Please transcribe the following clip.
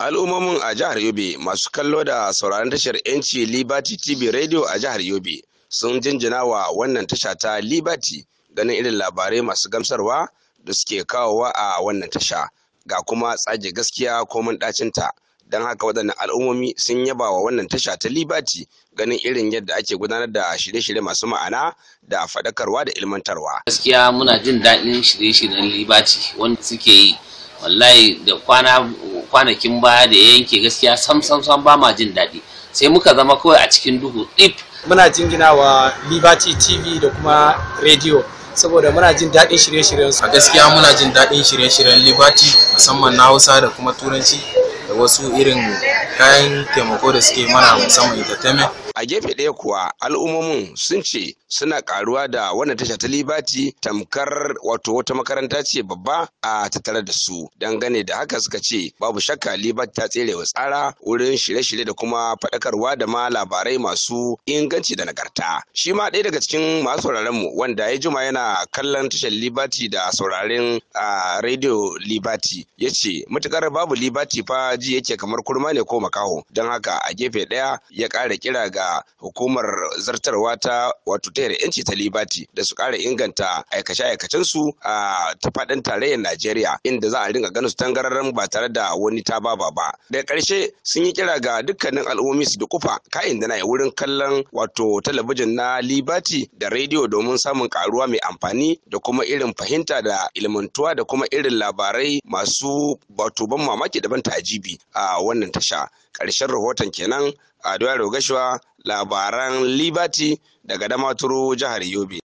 al'ummomin a jihar yobe masu kallo da sauraron tashar yanci liberty tv radio a jihar yobe sun jinjina wa wannan tasha ta liberty ganin irin labarai masu gamsarwa da suke kawowa a wannan tasha ga kuma tsage gaskiya ko ɗacinta don haka waɗannan al'ummomi sun yaba wa wannan tasha ta liberty ganin irin yadda ake gudanar da shirye-shirye masu ma'ana da faɗakarwa da ilmantarwa gaskiya muna jin daɗin shirye-shiryen liberty wanda suke yi wallahi da kwana kwanakin baya da ya yanke gaskiya sam sam sam ba ma jin daɗi sai muka zama kawai a cikin duhu ɗif muna jingina wa liberty tv da kuma radio saboda muna jin daɗin shirye-shiryen su a gaskiya muna jin daɗin shirye-shiryen liberty musamman na hausa da kuma turanci da wasu irin kayan taimako da suke mana musamman entertainment a gefe ɗaya kuwa al'ummomin sun ce suna karuwa da wannan tasha ta libati tamkar wato wata makaranta ce babba a tattare da su dangane da haka suka ce babu shakka libati ta tsere wa tsara wurin shirye-shirye da kuma faɗakarwa da ma labarai masu inganci da nagarta shi ma ɗaya daga cikin masu sauraron mu wanda ya juma yana kallon tashar libati da sauraren a radio libati ya ce matukar babu libati fa ji yake kamar kurma ne ko makaho don haka a gefe ɗaya ya ƙara kira ga hukumar zartarwa ta wato ta yanci ta libati da su kara inganta aikace-aikacen su a ta faɗin tarayyar najeriya inda za a ringa ganin su tangararren ba tare da wani ta baba ba daga ƙarshe sun yi kira ga dukkanin al'ummomi su da dukufa kayan da na wurin kallon wato talabijin na libati da rediyo domin samun karuwa mai amfani da kuma irin fahimta da ilmantuwa da kuma irin labarai masu wato ban mamaki daban ta ajibi a wannan tasha ƙarshen rahoton kenan a Gashuwa labaran Liberty daga Damaturu jihar Yobe.